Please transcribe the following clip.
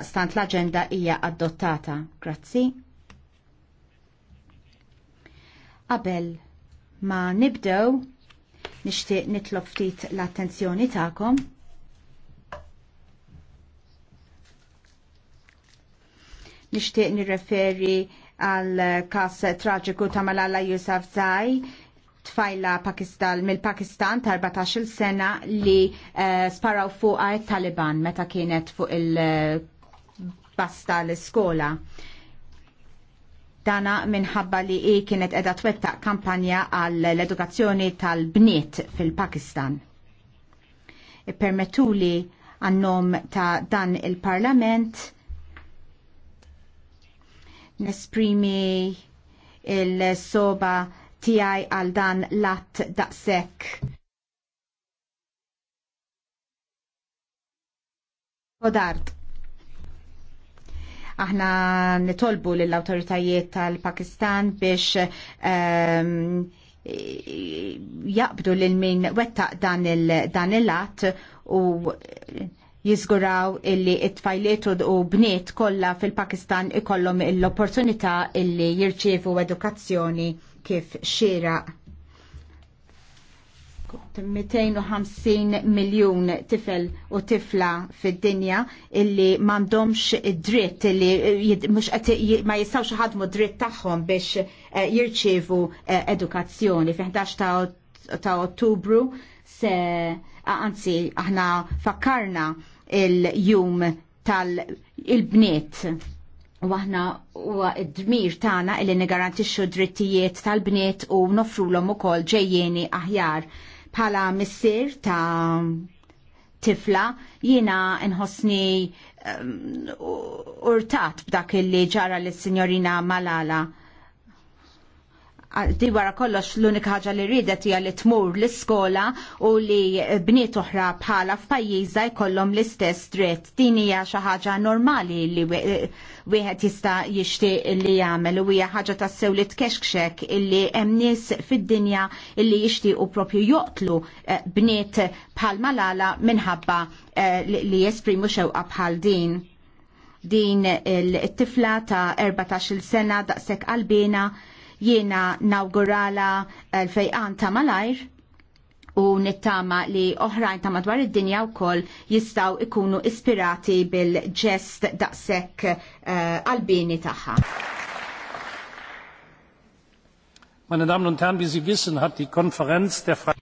Stant l-agenda hija adottata. Grazzi. Qabel ma nibdew nixtieq nitlob ftit l-attenzjoni tagħkom. Nixtieq nirreferi għal każ traġiku ta' Malala Yousafzai tfajla Pakistan, mill-Pakistan ta' 14 sena li uh, sparaw fuq għal Taliban meta kienet fuq il- eh, basta l-iskola. Dana minħabba li i kienet edha twettaq kampanja għall edukazzjoni tal-bniet fil-Pakistan. Permettu li għannom ta' dan il-parlament nesprimi il-soba tijaj għal dan lat daqsek. Godard. Aħna nitolbu lill-awtoritajiet tal-Pakistan biex um, jaqbdu lil min wettaq dan il-att u jizguraw illi it-tfajliet u bniet kollha fil-Pakistan ikollhom l-opportunità illi jirċievu edukazzjoni kif xieraq 250 miljon tifel u tifla fid-dinja illi m'għandhomx id-dritt illi ma jistgħux ħadmu dritt tagħhom biex eh, jirċievu eh, edukazzjoni fi 11 ta' Ottubru se anzi aħna fakkarna il-jum tal-bniet u aħna u d-dmir tagħna illi nigarantixxu drittijiet tal-bniet u nofrulhom ukoll ġejjeni aħjar Bħala missier ta' tifla jiena nħossni um, urtat b'dak li ġara l signorina Malala di wara kollox l-unika ħaġa li ridet hija li tmur l-iskola u li bniet oħra bħala f'pajjiża jkollhom l-istess dritt. Din hija xi ħaġa normali li wieħed jista' jixtieq li jagħmel u hija ħaġa tassew li tkexkxek illi hemm nies fid-dinja illi jixtiequ propju joqtlu eh, bniet bħal malala minħabba eh, li jesprimu xewqa bħal din din il-tifla ta' 14 sena daqsek qalbina Jiena nawgurala eh, l-fejqan ta' malajr u nittama li oħrajn ta' madwar id-dinja u koll jistaw ikunu ispirati bil-ġest daqshekk qalbini eh, uh, taħħa. Meine Damen und Herren, wie Sie wissen, hat die Konferenz der